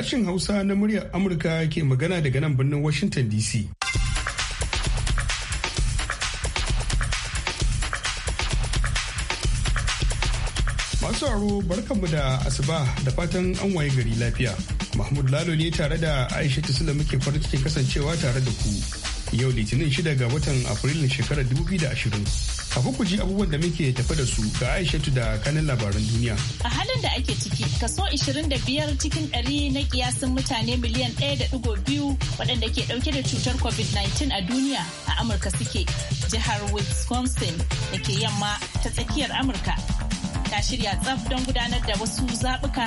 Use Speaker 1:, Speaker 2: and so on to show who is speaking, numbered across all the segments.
Speaker 1: Sashin Hausa na muryar Amurka ke magana daga nan birnin Washington DC. Masu aro barkanmu da asuba da fatan an waye gari lafiya. Mahmud Lalo ne tare da Aisha Tisila muke farin cikin kasancewa tare da ku. Yau Litinin shida ga watan Afrilun shekarar 2020. a ku ji abubuwan da muke tafi da su ga Aishatu da kanin labaran duniya.
Speaker 2: A halin da ake ciki, kaso 25 cikin 100 na kiyasin mutane miliyan 1.2 waɗanda ke ɗauke da cutar COVID-19 a duniya a Amurka suke. Jihar Wisconsin da ke yamma ta tsakiyar Amurka ta shirya tsaf don gudanar da wasu zaɓuka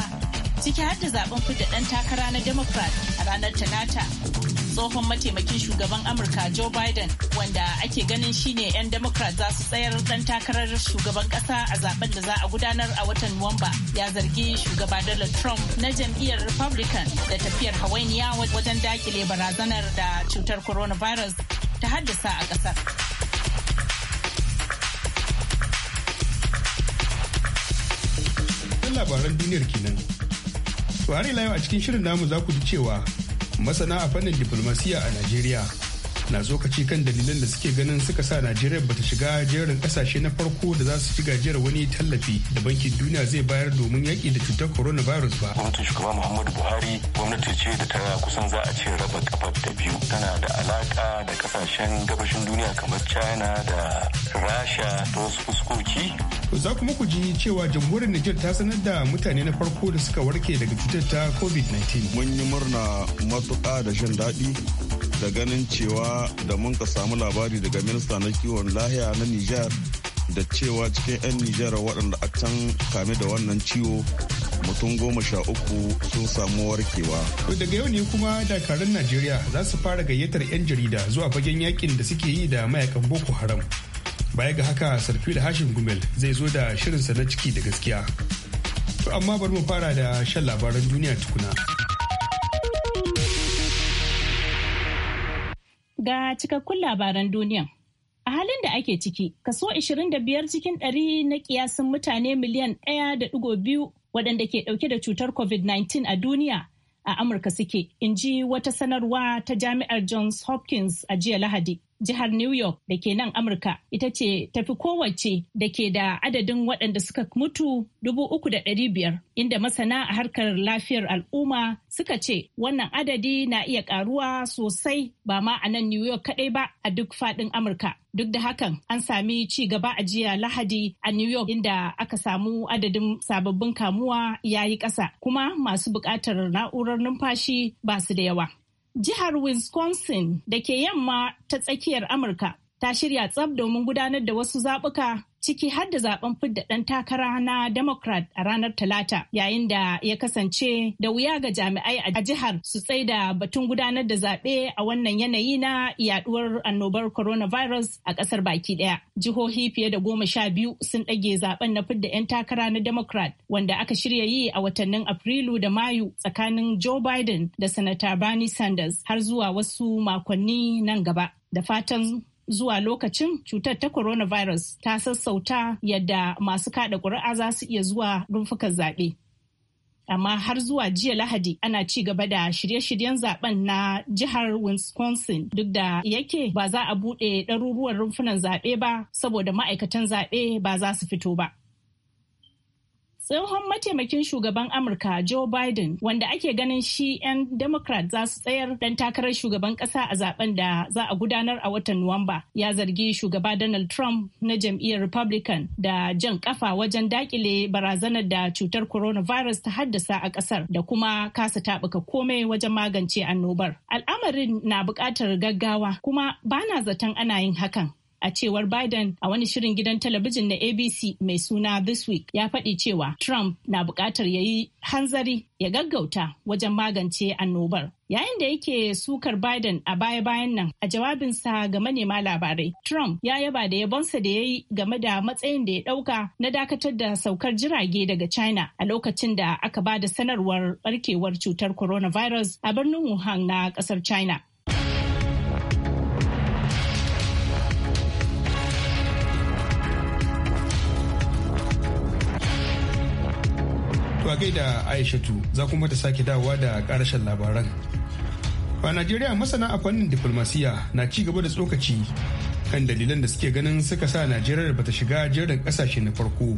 Speaker 2: ciki har da zaɓen fidda ɗan takara na Democrat a ranar Talata. tsohon mataimakin shugaban amurka joe biden wanda ake ganin shine 'yan democrat za su tsayar dan takarar shugaban kasa a zaben da za a gudanar a watan nuwamba ya zargi shugaba donald trump na jam'iyyar republican da tafiyar hawainiya wajen dakile barazanar da cutar coronavirus ta haddasa a kasar
Speaker 1: labaran duniyar kenan. Buhari layo a cikin shirin namu za ku ji cewa masana a fannin diplomasiya a Najeriya na zokaci kan dalilan da suke ganin suka sa najeriya ta shiga jerin kasashe na farko da za su ci gajiyar wani tallafi da bankin duniya zai bayar domin yaƙi da cutar coronavirus ba
Speaker 3: gwamnatin shugaba muhammadu buhari gwamnati ce da ta kusan za a ce raba kafar da biyu tana da alaƙa da kasashen gabashin duniya kamar china da rasha da wasu fuskoki
Speaker 1: za kuma ku ji cewa jamhuriyar niger ta sanar da mutane na farko da suka warke daga cutar
Speaker 4: ta covid-19 mun yi murna matuƙa da jin daɗi da ganin cewa da mun ka samu labari daga minista na kiwon lahiya na Nijar da cewa cikin 'yan Nijar waɗanda a can kame da wannan ciwo mutum goma sha uku sun samu warkewa.
Speaker 1: Daga yau ne kuma dakarun Najeriya za su fara gayyatar 'yan jarida zuwa fagen yakin da suke yi da mayakan Boko Haram. Baya ga haka da Hashim Gumel zai zo da shirinsa na ciki da gaskiya. Amma bari mu fara da shan labaran duniya tukuna.
Speaker 2: Ga cikakkun labaran duniyan. A halin da ake ciki, kaso 25 cikin ɗari na kiyasin mutane miliyan 1.2 waɗanda ke ɗauke da cutar COVID-19 a duniya a Amurka suke, in ji wata sanarwa ta Jami'ar Johns Hopkins a jiya Lahadi. jihar New York da ke nan Amurka ita ce tafi kowace da ke da adadin waɗanda suka mutu dubu uku da ɗari biyar inda masana a harkar lafiyar al'umma suka ce wannan adadi na iya ƙaruwa sosai ba ma a nan New York kaɗai ba a duk faɗin Amurka. Duk da hakan an sami ci gaba a jiya Lahadi a New York inda aka samu adadin sababbin kamuwa yayi ƙasa kuma masu buƙatar na'urar numfashi ba su da yawa. Jihar Wisconsin da ke yamma ta tsakiyar Amurka ta shirya tsab domin gudanar da wasu zaɓuka ciki har da zaben fidda ɗan takara na Democrat a ranar Talata yayin da ya kasance da wuya ga jami'ai a jihar su da batun gudanar da zaɓe a wannan yanayi na yaduwar annobar coronavirus a ƙasar baki ɗaya. Jihohi fiye da goma sha biyu sun ɗage zaben na fidda 'yan takara na Democrat wanda aka shirya yi a watannin Afrilu da Mayu tsakanin Joe Biden da Sanata Bernie Sanders har zuwa wasu makonni nan gaba. Da fatan zuwa lokacin cutar ta coronavirus ta sassauta yadda masu kada ƙuri'a za su iya zuwa rumfukan zaɓe. Amma har zuwa jiya Lahadi ana ci gaba da shirye-shiryen zaben na jihar Wisconsin duk da yake ba za a buɗe ɗaruruwan rumfunan zaɓe ba saboda ma'aikatan zaɓe ba za su fito ba. Tsohon mataimakin shugaban Amurka Joe Biden wanda ake ganin shi 'yan Democrat za su tsayar dan takarar shugaban ƙasa a zaben da za a gudanar a watan Nuwamba ya zargi shugaba Donald Trump na jam'iyyar Republican da jan ƙafa wajen dakile barazanar da cutar coronavirus ta haddasa a ƙasar da kuma kasa taɓuka komai wajen magance annobar. Al'amarin na buƙatar gaggawa kuma bana zaton ana yin hakan. a cewar Biden a wani shirin gidan talabijin na ABC mai suna This Week ya faɗi cewa Trump na buƙatar ya yi hanzari ya gaggauta wajen magance annobar. Yayin da yake sukar Biden a baya-bayan nan a jawabinsa ga manema labarai, Trump ya yaba da yabonsa da ya yi game da matsayin da ya ɗauka na dakatar da saukar jirage daga China a lokacin da aka ba da sanarwar barkewar cutar coronavirus a birnin Wuhan na ƙasar China.
Speaker 1: gaida Aishatu za kuma ta sake dawowa da karashen labaran. A Najeriya masana a fannin diplomasiya na ci gaba da tsokaci kan dalilan da suke ganin suka sa Najeriya bata shiga jerin kasashe na farko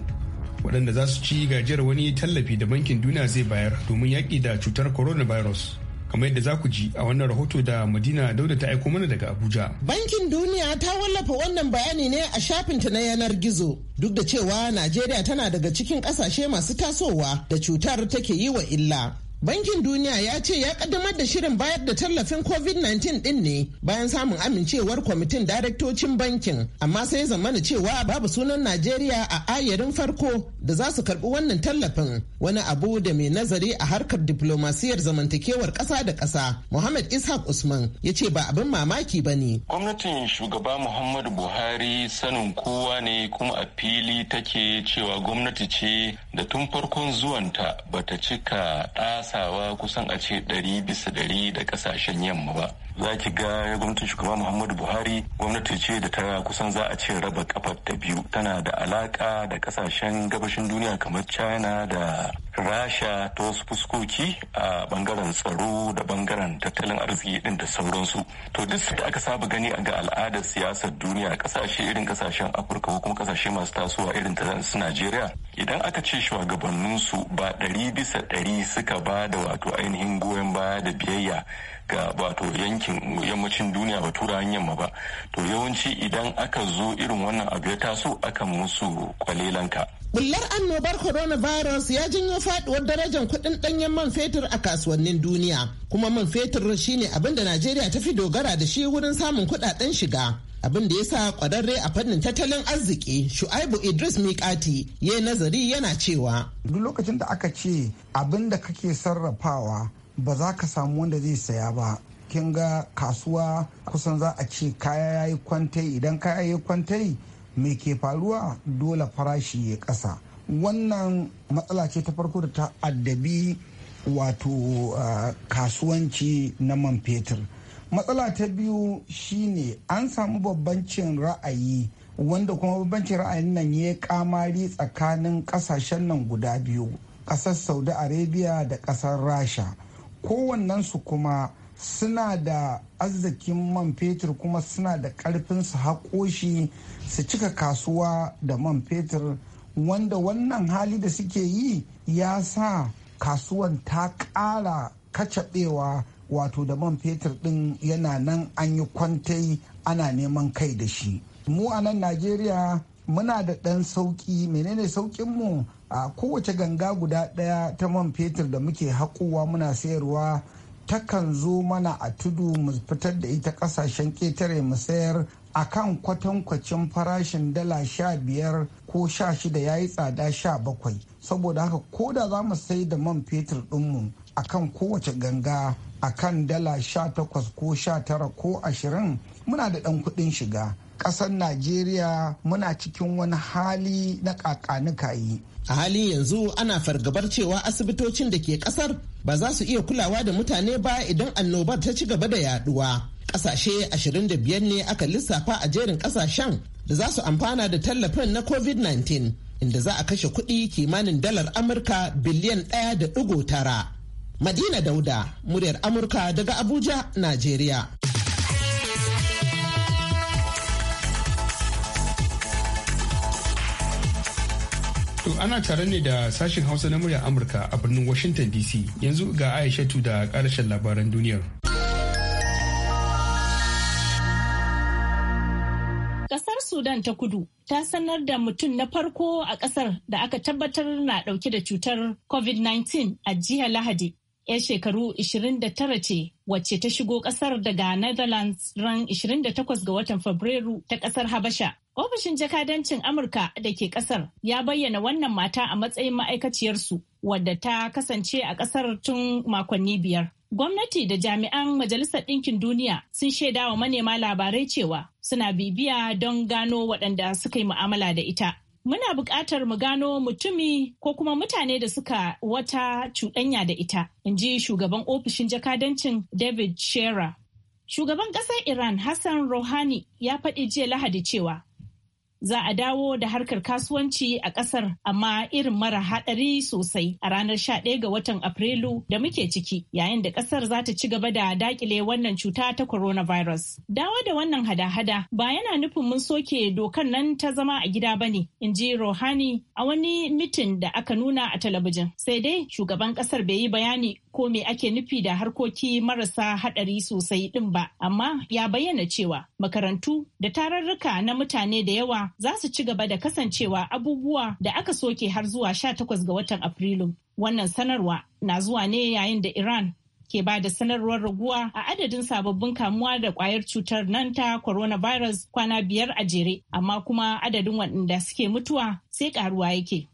Speaker 1: waɗanda za su ci gajiyar wani tallafi da bankin duniya zai bayar domin yaƙi da cutar coronavirus. kamar yadda za ku ji a wannan rahoto da madina dauda ta aiko mana daga abuja
Speaker 5: bankin duniya ta wallafa wannan bayani ne a shafinta na yanar gizo duk da cewa najeriya tana daga cikin kasashe masu tasowa da cutar take yi wa illa Bankin Duniya ya ce ya kaddamar da shirin bayar da tallafin COVID-19 din ne bayan samun amincewar kwamitin daraktocin bankin, amma sai zamana cewa babu sunan Najeriya a ayarin farko da za su karbi wannan tallafin wani abu da mai nazari a harkar diplomasiyar zamantakewar kasa da kasa Muhammad Ishaq Usman ya ce ba abin mamaki ba ne.
Speaker 3: Gwamnatin shugaba Muhammadu Buhari sanin kowa ne kuma a fili take cewa gwamnati ce da tun farkon zuwanta bata cika ɗasa karasawa kusan a ce ɗari bisa ɗari da ƙasashen yamma ba za ki ga gwamnatin shugaba muhammadu buhari gwamnati ce da ta kusan za a ce raba kafar ta biyu tana da alaka da kasashen gabashin duniya kamar china da rasha ta wasu fuskoki a bangaren tsaro da bangaren tattalin arziki din da sauransu to duk da aka saba gani a ga al'adar siyasar duniya kasashe irin kasashen afirka ko kuma kasashe masu tasowa irin ta su najeriya idan aka ce shugabanninsu ba ɗari bisa ɗari suka ba da wato ainihin goyon baya da biyayya wato yankin yammacin duniya ba turawan yamma ba to yawanci idan aka zo irin wannan abu ya taso akan musu kwalelanka
Speaker 5: bullar annobar coronavirus ya janyo faduwar darajar kuɗin ɗanyen man fetur a kasuwannin duniya kuma man fetur shine abin da najeriya ta fi dogara da shi wurin samun kudaden shiga abin da ya sa kwararre a fannin tattalin arziki shu'aibu idris mikati ya nazari yana cewa duk lokacin da aka ce abin da kake sarrafawa
Speaker 6: ba za ka samu wanda zai saya ba kin ga kasuwa kusan za a ce kaya ya yi kwantai idan kaya ya yi kwantai mai ke faruwa dole farashi ya kasa wannan matsala ce ta farko da ta addabi wato ah, kasuwanci na man fetur matsala ta biyu shine an samu babbancin ra'ayi wanda kuma babbancin ra'ayin nan ya kamari tsakanin kasashen nan guda biyu kasar saudi arabia da kasar rasha su kuma suna da arzikin man fetur kuma suna da karfin su haƙo su cika kasuwa da man fetur wanda wannan hali da suke yi ya sa kasuwan ta ƙara kacaɓewa wato da man fetur ɗin yana nan an yi kwantai ana neman kai da shi mu a nan najeriya muna da ɗan sauƙi menene sauƙinmu a kowace ganga guda ɗaya ta man fetur da muke haƙowa muna sayarwa takan zo mana a tudu mu fitar da ita ƙasashen ƙetare mu sayar a kan kwatankwacin farashin dala sha biyar ko sha shida ya yi tsada sha bakwai saboda haka ko da za mu sai da man fetur ɗinmu a kan kowace ganga a kan dala sha takwas ko sha tara ko ashirin muna da ɗan kuɗin shiga ƙasar najeriya muna cikin wani hali na
Speaker 5: ƙaƙanuka yi a halin yanzu ana fargabar cewa asibitocin da ke kasar ba za su iya kulawa da mutane ba idan annobar ta ci gaba da yaduwa kasashe 25 ne aka lissafa a jerin kasashen da za su amfana da tallafin na covid-19 inda za a kashe kuɗi kimanin dalar amurka biliyan ɗaya da ɗigo tara madina dauda muryar amurka daga abuja najeriya
Speaker 1: To ana tare ne da sashen Hausa na murya Amurka a birnin Washington DC. Yanzu ga Aishatu da karashen labaran duniyar.
Speaker 2: Kasar Sudan ta kudu ta sanar da mutum na farko a kasar da aka tabbatar na dauke da cutar COVID-19 a jiya Lahadi. 'Yan shekaru 29 ce wacce ta shigo kasar daga Netherlands ran 28 ga watan Fabrairu ta kasar Habasha. Ofishin jakadancin Amurka da ke kasar ya bayyana wannan mata a matsayin ma'aikaciyarsu wadda ta kasance a kasar tun makonni biyar. Gwamnati da jami'an Majalisar Ɗinkin Duniya sun shaida wa manema labarai cewa suna bibiya don gano waɗanda suka yi mu'amala da ita. Muna buƙatar mu gano mutumi ko kuma mutane da suka wata cuɗanya da ita, in ji shugaban ofishin jakadancin David Shearer. Shugaban ƙasar Iran Hassan Rouhani ya faɗi jiya Lahadi cewa za a dawo da harkar kasuwanci a kasar amma irin mara hadari sosai a ranar 11 ga watan Afrilu da muke ciki yayin da kasar za ta ci gaba da dakile wannan cuta ta coronavirus. Dawo da wannan hada-hada ba yana nufin mun soke dokan nan ta zama a gida ba ne, in ji Rohani a wani mitin da aka nuna a talabijin. Sai dai shugaban kasar bai yi bayani ko me ake nufi da harkoki marasa hadari sosai din ba, amma ya bayyana cewa makarantu da tararruka na mutane da yawa za su ci gaba da kasancewa abubuwa da aka soke har zuwa 18 ga watan Afrilu. Wannan sanarwa na zuwa ne yayin da Iran ke ba da sanarwar raguwa a adadin sababbin kamuwa da kwayar cutar nan ta coronavirus kwana biyar a jere, amma kuma adadin waɗanda suke mutuwa sai ƙaruwa yake.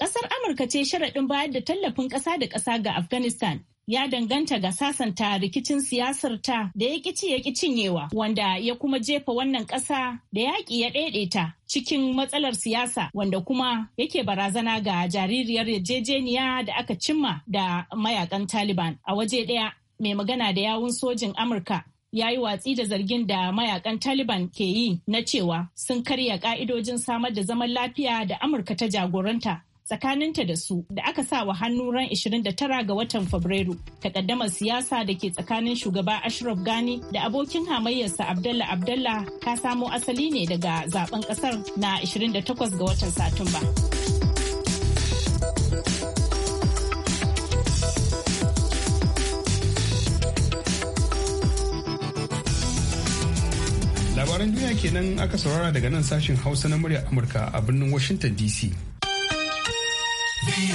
Speaker 2: Ƙasar Amurka ce sharaɗin bayar da tallafin ƙasa da ƙasa ga Afghanistan ya danganta ga sasanta rikicin siyasar ta da ya ƙici ya ƙi cinyewa wanda ya kuma jefa wannan ƙasa da yaƙi ya ɗaiɗaita cikin matsalar siyasa wanda kuma yake barazana ga jaririyar yarjejeniya da aka cimma da mayakan Taliban. A waje ɗaya mai magana da yawun sojin Amurka ya yi watsi da zargin da mayakan Taliban ke yi na cewa sun karya ka'idojin samar da zaman lafiya da Amurka ta jagoranta tsakaninta da su da aka sa wa hannu ran 29 ga watan Fabrairu. Takaddamar siyasa da ke tsakanin shugaba Ashraf Gani da abokin hamayyarsa Abdalla Abdalla ka samo asali ne daga zaben kasar na 28 ga watan Satumba.
Speaker 1: Labaran duniya kenan aka saurara daga nan sashin Hausa na murya Amurka a birnin Washington DC. Madalla.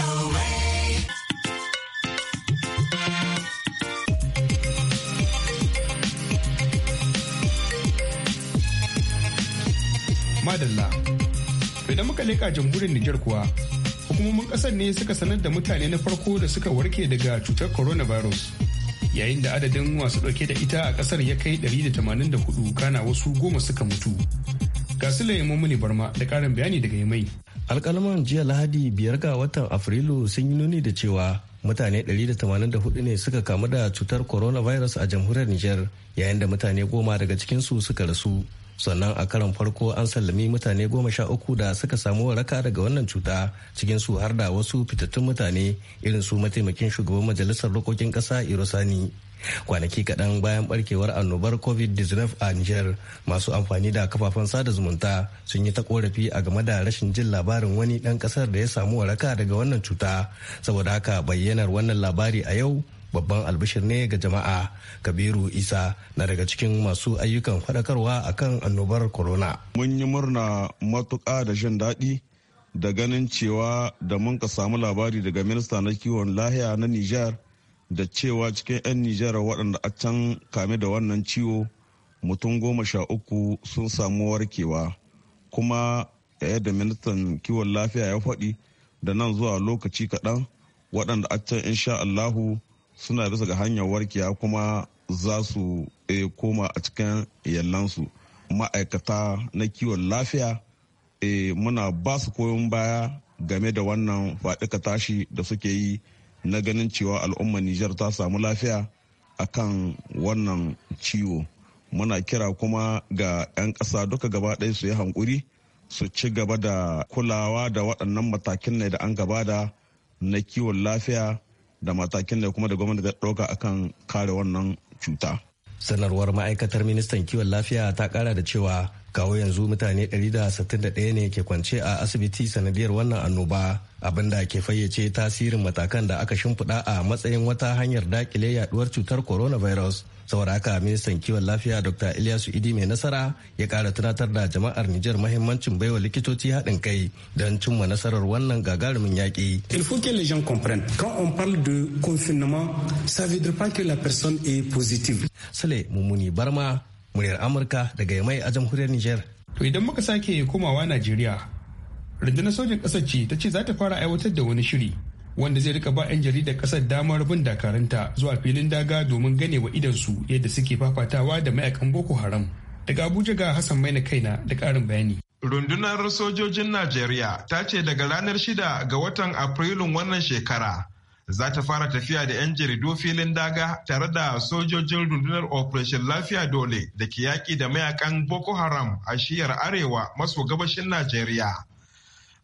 Speaker 1: Idan muka leƙa jamhuriyar Nijar kuwa, hukumomin ƙasar ne suka sanar da mutane na farko da suka warke daga cutar coronavirus. Yayin da adadin masu ɗauke da ita a ƙasar ya kai 184 kana wasu goma suka mutu. Ga su mummuni Barma da ƙarin bayani daga mai. alkalaman
Speaker 7: jiya lahadi biyar ga watan afrilu sun yi nuni da cewa mutane 184 ne suka kamu da cutar coronavirus a jamhuriyar niger yayin da mutane goma daga cikinsu suka rasu sannan a karon farko an sallami mutane goma sha uku da suka samu waraka daga wannan cuta cikin su har da wasu fitattun mutane irin su mataimakin shugaban majalisar dokokin ƙasa irosani kwanaki kaɗan bayan barkewar annobar covid-19 a Niger masu amfani da kafafen sada zumunta sun yi ta korafi a game da rashin jin labarin wani ɗan ƙasar da ya samu waraka daga wannan cuta saboda haka bayyanar wannan labari a yau babban albishir ne ga jama'a kabiru isa na daga cikin masu ayyukan faɗakarwa
Speaker 4: a kan annobar corona mun yi murna matuƙa da jin daɗi da ganin cewa da mun ka samu labari daga minista na kiwon lahiya na Niger. da cewa cikin 'yan nijar waɗanda a can kame da wannan ciwo mutum goma sha uku sun samu warkewa kuma da ministan kiwon lafiya ya faɗi da nan zuwa lokaci kaɗan waɗanda a can insha allahu suna bisa ga hanyar warkewa kuma za su e, koma a cikin yallansu ma'aikata na kiwon lafiya e, muna ba su koyon baya game da wannan ka tashi da suke yi na ganin cewa al'ummar Nijar ta samu lafiya a kan wannan ciwo. Muna kira kuma ga 'yan ƙasa duka gaba ɗaya su yi hankuri su ci gaba da kulawa da waɗannan matakin ne da an gaba da na kiwon lafiya da matakin ne kuma da gwamnati ta ɗauka a kan kare wannan cuta.
Speaker 7: Sanarwar ma'aikatar ministan kiwon lafiya ta ƙara da cewa kawo yanzu mutane 161 ne ke kwance a asibiti sanadiyar wannan annoba abin da ke fayyace tasirin matakan da aka shimfiɗa a matsayin wata hanyar dakile yaduwar cutar coronavirus saboda haka ministan kiwon lafiya dr ilyasu idi mai nasara ya kara tunatar da jama'ar nijar mahimmancin baiwa likitoci haɗin kai don cimma nasarar wannan gagarumin yaƙi. il faut que les gens comprennent quand on parle de confinement ça veut dire pas que la personne est positive sule mummuni barma muryar amurka daga
Speaker 1: yamai a jamhuriyar niger to idan muka sake komawa najeriya rundunar sojin ƙasar ce ta ce za ta fara aiwatar da wani shiri wanda zai rika ba 'yan jaridar ƙasar damar bin dakaranta zuwa filin daga domin gane wa su yadda suke fafatawa da mayakan boko haram daga abuja ga hassan mai maina kaina da karin bayani
Speaker 8: rundunar sojojin najeriya ta ce daga ranar shida ga watan afrilun wannan shekara za ta fara tafiya da 'yan jaridu filin daga tare da sojojin rundunar operation lafiya dole da ke yaƙi da mayakan boko haram a shiyar arewa maso gabashin najeriya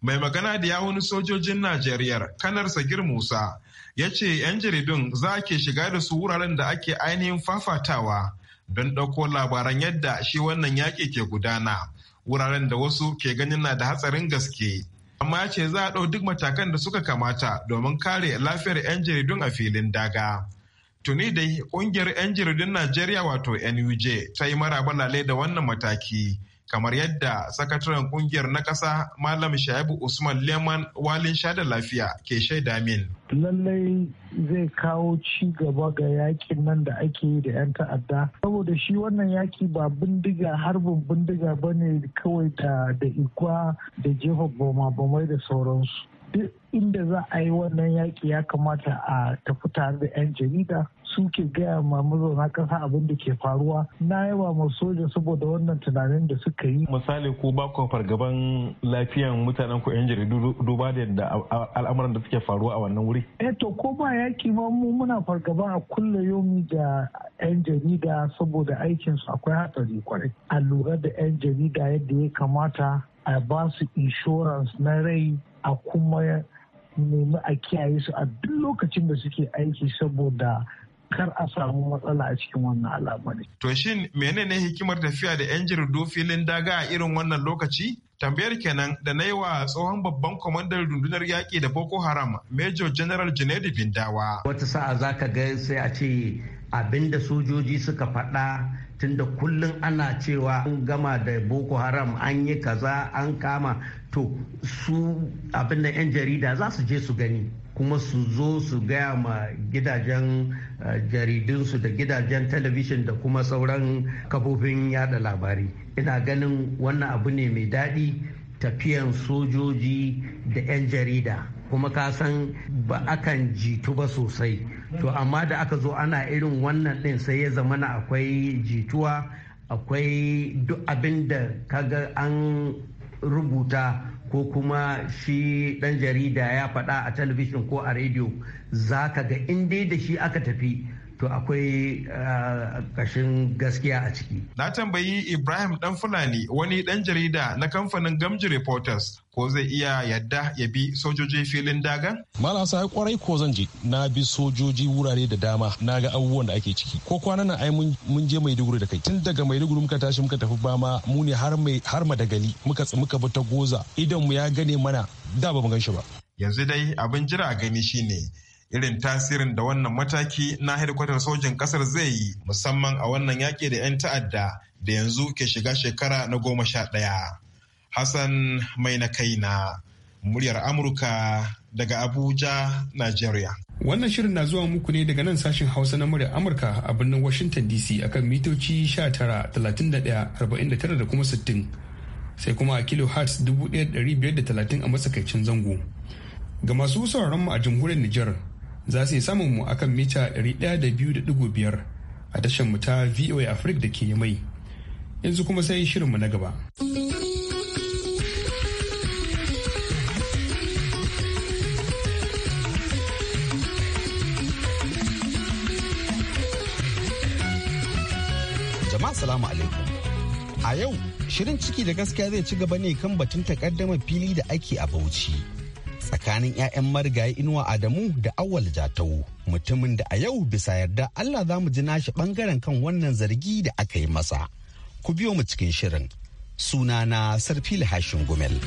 Speaker 8: mai magana da yawun sojojin najeriya kanar sagir musa ya ce 'yan jaridun za ke shiga da su wuraren da ake ainihin fafatawa don ɗauko labaran yadda shi wannan yaƙi ke gudana wuraren da wasu ke ganin na da hatsarin gaske amma ya ce za a ɗau duk matakan da suka kamata domin kare lafiyar 'yan jaridun a filin daga. Tuni dai ƙungiyar 'yan jaridun Najeriya wato NUJ ta yi maraba lale da wannan mataki kamar yadda sakataren kungiyar na ƙasa malam shaibu usman leman walin shada lafiya ke shaida min
Speaker 6: lallai zai kawo ci gaba ga yakin nan da ake yi da 'yan ta'adda saboda shi wannan yaki ba bindiga harbin bindiga ba ne kawai da igwa da jefa boma bamai da sauransu duk inda za a yi wannan yaki ya kamata a tafi tare da 'yan jarida suke gaya ma mazauna ƙasa abin da ke faruwa na yawa ma soja saboda wannan tunanin da suka yi
Speaker 8: misali ko ba ku fargaban lafiyan mutanen ku yan jaridu duba da yadda al'amuran da suke faruwa a wannan wuri
Speaker 6: eh to ko ba yaki ma mu muna fargaba a kulle yomi da yan jarida saboda aikin su akwai hatsari kwarai a lura da yan jarida yadda ya kamata a ba su insurance na rai a kuma nemi a kiyaye su a duk lokacin da suke aiki saboda kar a samu matsala a cikin wannan al'amari.
Speaker 8: To shin menene hikimar tafiya da 'yan jirudu filin daga a irin wannan lokaci? Tambayar kenan da na yi wa tsohon babban kwamandan rundunar yaƙi da Boko Haram, Major General Junaidu Bindawa.
Speaker 7: Wata sa'a za ka ga sai a ce abinda sojoji suka faɗa tunda kullum ana cewa an gama da boko haram an yi kaza an kama to su abin da 'yan jarida za su je su gani kuma su zo su gaya ma gidajen eh, jaridunsu da gidajen talabishin da kuma sauran kafofin yada labari ina ganin wannan abu ne mai daɗi tafiyan sojoji da 'yan jarida kuma ka san ba akan jitu ba sosai to amma da aka zo ana irin wannan ɗin sai ya zama na akwai jituwa akwai duk abin da kaga an rubuta ko kuma shi dan jarida ya faɗa a talabijin ko a rediyo za ka ga inda da shi aka tafi to akwai ƙashin ah, gaskiya a ciki.
Speaker 8: Na tambayi Ibrahim Dan Fulani wani dan jarida na kamfanin Gamji Reporters ko zai iya yadda ya bi sojoji filin dagan? Malam sai kwarai ko zan je na bi sojoji wurare da dama na ga abubuwan da ake ciki ko kwana na ai mun je Maiduguri da kai tun daga Maiduguri muka tashi muka tafi bama mu ne har mai har madagali muka muka bi ta goza idan mu ya gane mana da ba mu gan shi ba. Yanzu dai abin jira gani shine irin tasirin da wannan mataki na hedikwatar sojin kasar zai yi musamman a wannan yaƙi da 'yan ta'adda da yanzu ke shiga shekara na goma sha ɗaya. Hassan mai na kaina muryar Amurka daga Abuja, Najeriya. Wannan shirin na zuwa muku ne daga nan sashen
Speaker 1: Hausa na muryar Amurka a birnin Washington DC akan mitoci sha tara, talatin da kuma 60. Sai kuma a kilo hertz 1530 a matsakaicin zango. Ga masu sauraron mu a jamhuriyar Nijar za su yi samun mu akan mita 102.5 a tashar mu ta VOA Africa da ke mai. Yanzu kuma sai shirinmu na gaba.
Speaker 9: Jama'a salamu alaikum. A yau, shirin ciki da gaskiya zai ci gaba ne kan batun takaddama fili da ake a Bauchi. tsakanin 'ya'yan marigayi inuwa adamu da awal jatau mutumin da a yau bisa yarda allah za mu ji nashi ɓangaren kan wannan zargi da aka yi masa ku biyo mu cikin shirin sunana sarfil hashin gumel.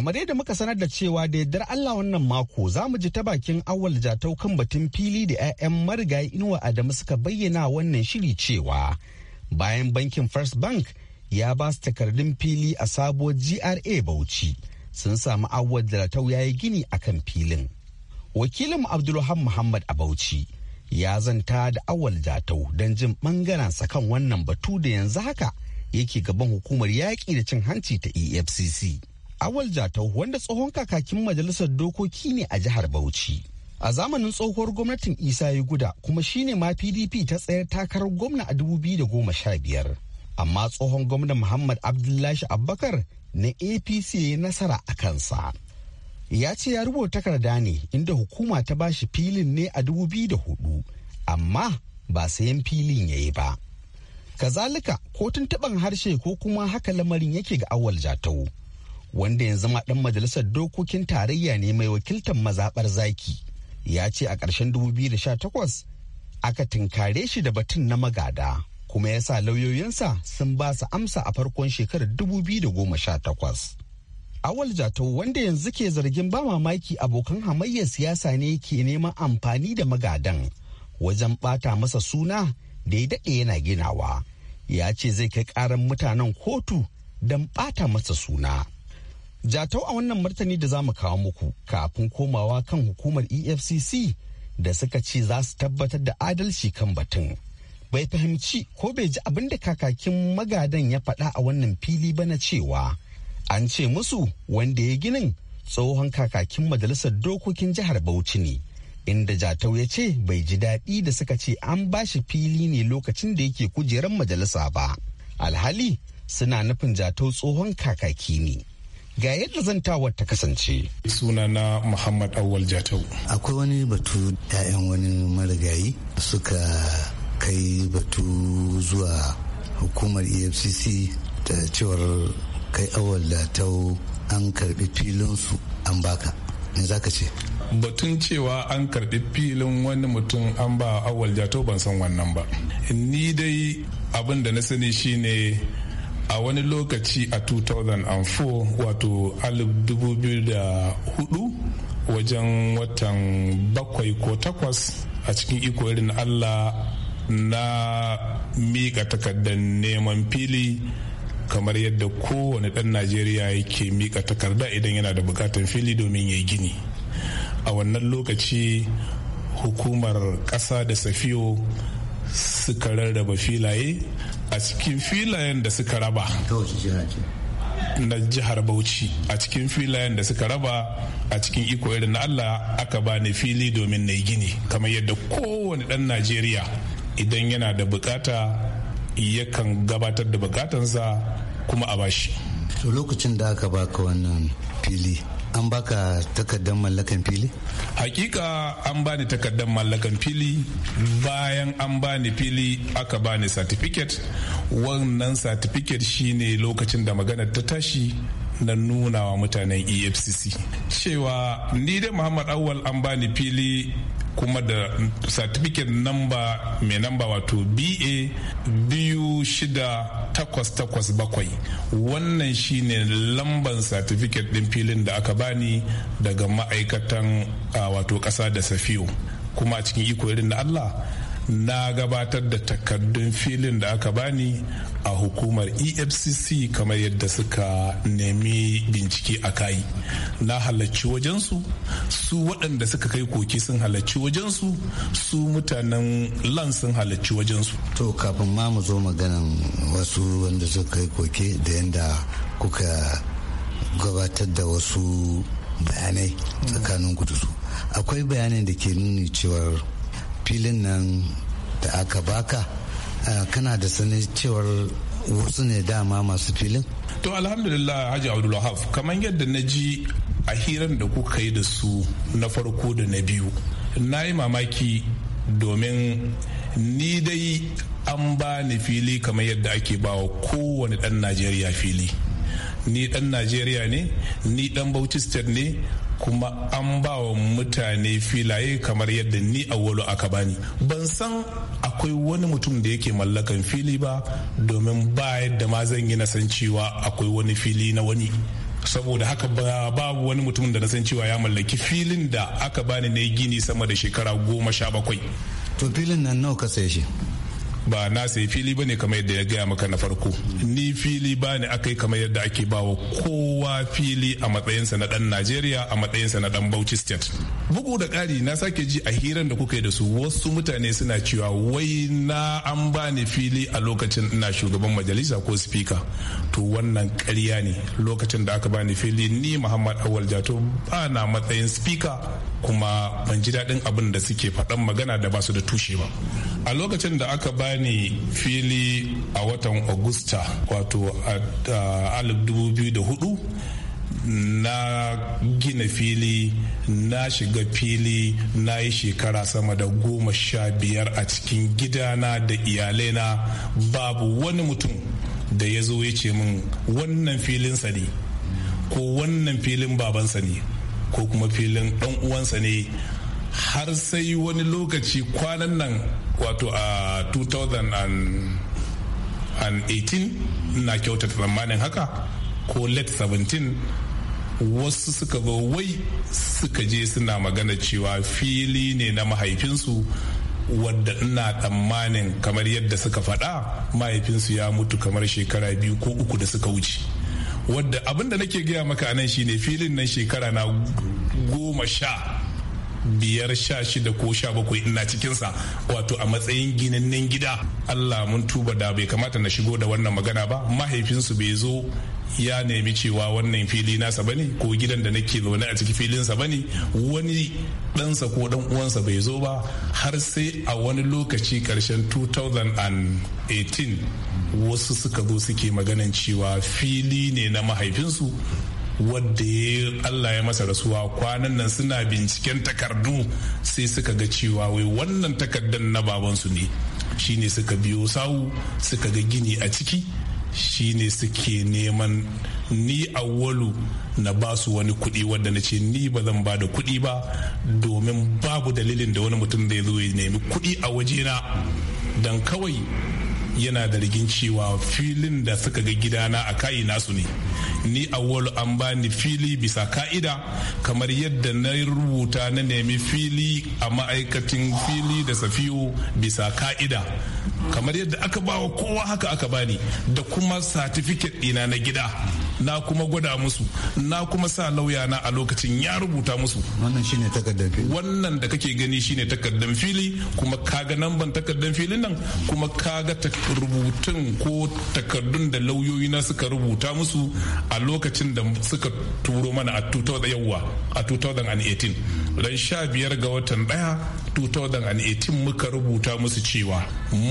Speaker 9: kamar yadda muka sanar da cewa da yaddar Allah wannan mako za mu ji ta bakin awal jatau kan batun fili da 'ya'yan marigayi inuwa Adamu suka bayyana wannan shiri cewa bayan bankin First Bank ya ba su takardun fili a sabuwar GRA Bauchi sun samu awal jatau ya yi gini a kan filin. Wakilin Abdulham Muhammad a Bauchi ya zanta da awal jatau don jin sa kan wannan batu da yanzu haka yake gaban hukumar yaƙi da cin hanci ta EFCC. Awal Jatau wanda tsohon kakakin majalisar dokoki ne a jihar Bauchi. A zamanin tsohuwar gwamnatin Isa ya guda kuma shine ma PDP ta tsayar takarar gwamna a goma sha biyar Amma tsohon gwamna Muhammad Abdullahi Abubakar na APC ya nasara a kansa. Ya ce ya rubuta takarda ne inda hukuma ta bashi filin ne a da hudu amma ba sayan filin ya yi ba. Kazalika kotun taɓin harshe ko kuma haka lamarin yake ga awal jatau. wanda yanzu ma dan majalisar dokokin tarayya ne mai wakiltar mazaɓar zaki ya ce a ƙarshen 2018 aka tinkare shi da batun na magada kuma ya sa lauyoyinsa sun ba su amsa a farkon shekarar 2018 awal jato wanda yanzu ke zargin ba mamaki abokan hamayyar siyasa ne ke neman amfani da magadan wajen ɓata masa suna da ya daɗe yana ginawa ya ce zai kai ƙaran mutanen kotu don ɓata masa suna. Jatau a wannan martani da za mu kawo muku kafin komawa kan hukumar EFCC da suka ce za su tabbatar da adalci kan batun. Bai fahimci ko bai ji abin da kakakin magadan ya faɗa a wannan fili ba na cewa an ce musu wanda ya ginin tsohon kakakin majalisar dokokin jihar Bauchi ne. Inda Jatau ya ce bai ji daɗi da suka ce an ba shi fili ne lokacin da yake kujerar majalisa ba. Alhali suna nufin Jatau tsohon kakaki ne. ga yadda zantawar ta
Speaker 10: kasance. Sunana Muhammad Awal Jatau.
Speaker 9: Akwai wani batu 'ya'yan wani marigayi suka kai batu zuwa hukumar EFCC ta cewar kai awal Jatau an karbi filinsu an baka. ne za ka ce?
Speaker 10: batun cewa an karbi filin wani mutum an ba awal jatau ban san wannan ba ni dai abin da na sani shine a wani lokaci a 2004 wato hudu wajen watan bakwai ko takwas a cikin iko irin allah na miƙa takardar neman fili kamar yadda kowane ɗan najeriya yake miƙa takarda idan yana da bukatar fili domin ya gini a wannan lokaci hukumar ƙasa da safiyo suka rarraba filaye a cikin filayen da suka raba na jihar bauchi a cikin filayen da suka raba a cikin iko irin na allah aka bani fili domin na gini kamar yadda kowane ɗan najeriya idan yana da bukata yakan gabatar da bukatansa kuma a bashi to lokacin da aka baka wannan fili an baka takardar mallakan fili hakika an bani takardar mallakan fili bayan an bani fili aka bani satifiket wannan certificate shine lokacin da maganar ta tashi na nuna wa mutanen efcc cewa ni da muhammad awal an bani fili kuma da satifiket number mai namba wato ba biyu shida takwas takwas bakwai wannan shine lamban satifiket din filin da aka bani daga ma'aikatan wato ƙasa da safiyo kuma a cikin iko irin na Allah na gabatar da takardun filin da aka bani a hukumar efcc kamar yadda suka nemi bincike a kai na halarci wajensu su waɗanda suka kai koki sun halarci wajensu su mutanen lan sun halarci wajensu to kafin ma mu zo maganan wasu
Speaker 9: wanda suka kai koke da yadda kuka gabatar da wasu bayanai tsakanin su akwai bayanan da ke nuni cewar filin nan da aka baka kana da sanin cewar wasu ne dama masu
Speaker 10: filin to alhamdulillah haji abdulwahab kamar yadda na ji a hirar da kuka yi da su na farko da na biyu na yi mamaki domin ni dai an ba ni fili kamar yadda ake bawa kowane dan najeriya fili ni dan najeriya ne ni ɗan bautista ne kuma an ba wa mutane filaye kamar yadda ni a walo aka bani ban san akwai wani mutum da yake mallakan fili ba domin ba yadda ma zan yi na cewa akwai wani fili na wani saboda haka babu wani mutum da na cewa ya mallaki filin da aka bani ne gini sama da shekara goma sha bakwai to filin nan nawa ka saye shi ba na sayi fili bane kamar yadda ya gaya maka na farko ni fili bani yi kamar yadda ake bawa kowa fili a matsayinsa na dan Najeriya a matsayinsa na dan Bauchi state bugu da ƙari na sake ji a hiran da kuka yi da su wasu mutane suna cewa wai na an bani fili a lokacin ina shugaban majalisa ko spika to wannan karya ne lokacin da aka bani fili ni Muhammad Awal Jato ba na matsayin speaker kuma ban ji daɗin abin da suke faɗan magana da ba su da tushe ba a lokacin da aka bani fili a watan augusta wato a 2004 na gina fili na shiga fili na yi shekara sama da goma sha biyar a cikin gidana da iyalaina babu wani mutum da ya zo ya ce min wannan filinsa ne ko wannan filin babansa ne ko kuma filin ɗan uwansa ne har sai wani lokaci kwanan nan wato a 2018 na kyautata tsammanin haka ko late 17 wasu suka zo wai suka je suna magana cewa fili ne na mahaifinsu wadda ina tsammanin kamar yadda suka faɗa mahaifinsu ya mutu kamar shekara biyu ko uku da suka wuce wadda abinda nake gaya maka nan shine filin nan shekara na goma sha biyar sha shida ko sha bakwai ina cikinsa wato a matsayin ginannen gida allah mun tuba da bai kamata na shigo da wannan magana ba mahaifinsu bai zo ya nemi cewa wannan fili nasa bane ko gidan da nake zaune a ciki filinsa bane wani ɗansa ko ɗan uwansa bai zo ba har sai a wani lokaci ƙarshen 2018 wasu suka zo suke maganan cewa fili ne na mahaifinsu wadda ya Allah ya masa rasuwa kwanan nan suna binciken takardu sai suka ga cewa wai wannan takardar na babansu ne shine suka biyo sawu suka ga gini a ciki shine suke neman ni awwalu na ba su wani kudi wadda na ce ni ba zan ba da kuɗi ba domin babu dalilin da wani mutum zai zo ya nemi kudi a wajena don kawai yana da rigin cewa filin da suka ga gidana a ka'i nasu ne ni awwalu an bani fili bisa ka'ida kamar yadda na rubuta na nemi fili a ma'aikacin fili da safiyo bisa ka'ida kamar yadda aka bawa kowa haka aka bani da kuma satifiket ɗina na gida na kuma gwada musu na kuma sa lauya na a lokacin ya rubuta musu wannan shine takardar fili wannan da kake gani shine takardan fili kuma kaga namban takardan filin nan kuma kaga rubutun ko takardun da lauyoyi na suka rubuta musu a lokacin da suka turo mana a 2018 ran sha biyar ga watan daya 2018 muka rubuta musu cewa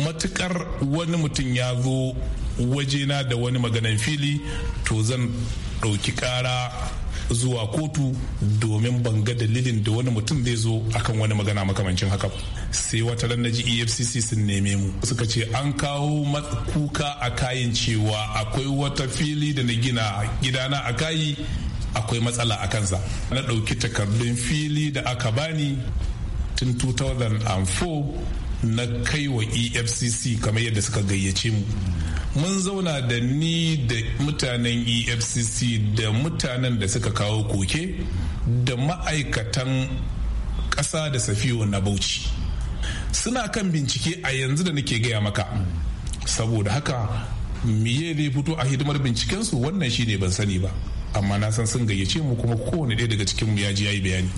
Speaker 10: matukar wani mutum ya zo wajena da wani maganan fili to zan ɗauki ƙara zuwa kotu domin ban ga dalilin da wani mutum zai zo akan wani magana makamancin haka sai wata ran na ji efcc sun neme mu suka ce an kawo kuka a kayan cewa akwai wata fili da na gina gidana a kayi akwai matsala a kansa na ɗauki takardun fili da aka bani tun 2004 na kai wa efcc kamar yadda suka gayyace mu mun zauna da ni da mutanen efcc da mutanen da suka kawo koke da ma'aikatan ƙasa da safiyo na bauchi suna kan bincike a yanzu da nake gaya maka saboda haka miye zai fito a hidimar bincikensu wannan shine ban sani ba amma na san sun gayyace mu kuma kowane ɗaya daga cikin mu ya ji ya yi bayani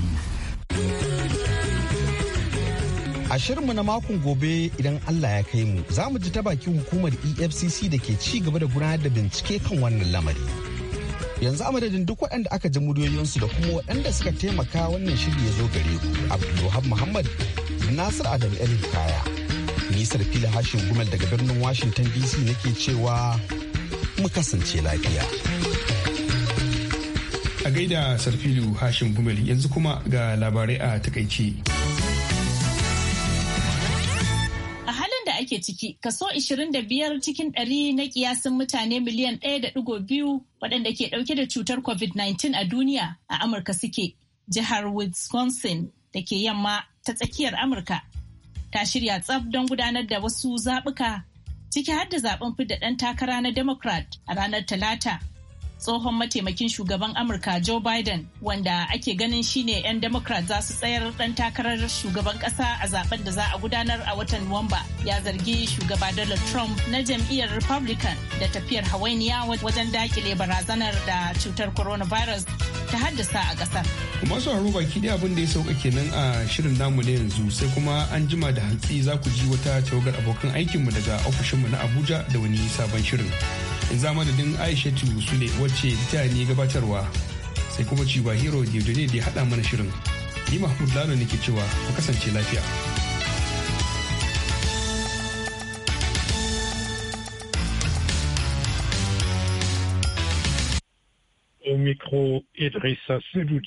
Speaker 10: A shirinmu
Speaker 9: na makon gobe idan Allah ya kai mu za mu ji ta bakin hukumar EFCC da ke ci gaba da gudanar da bincike kan wannan lamari. Yanzu amadadin duk waɗanda aka ji muryoyinsu da kuma waɗanda suka taimaka wannan shirin ya zo gare ku. Abdulwahab Muhammad Nasir Adam El Kaya. Nisar fili hashin Gumel daga birnin Washington DC nake cewa
Speaker 1: mu kasance lafiya. A gaida Sarfilu Hashim Gumel yanzu kuma ga labarai a takaice.
Speaker 2: ake ciki kaso 25 cikin ɗari na kiyasin mutane miliyan 1.2 waɗanda ke ɗauke da cutar covid-19 a duniya a amurka suke jihar wisconsin da ke yamma ta tsakiyar amurka ta shirya tsaf don gudanar da wasu zaɓuka ciki har da zaben fidda ɗan takara na democrat a ranar talata tsohon mataimakin shugaban amurka joe biden wanda ake ganin shine 'yan democrat za su tsayar dan takarar shugaban kasa a zaben da za a gudanar a watan nuwamba ya zargi shugaba donald trump na jam'iyyar republican da tafiyar hawainiya wajen dakile barazanar da cutar coronavirus ta haddasa a kasar
Speaker 1: masu haro baki da abin da ya sauka kenan a shirin namu na yanzu sai kuma an jima da hantsi za ku ji wata tawagar abokan aikinmu daga ofishinmu na abuja da wani sabon shirin za madadin aishatu ne wacce ta ne gabatarwa sai kuma ciwa hero ne da haɗa mana shirin ni mahmud lalo ne ke cewa ku kasance lafiya Au micro, Idrissa Seloudji.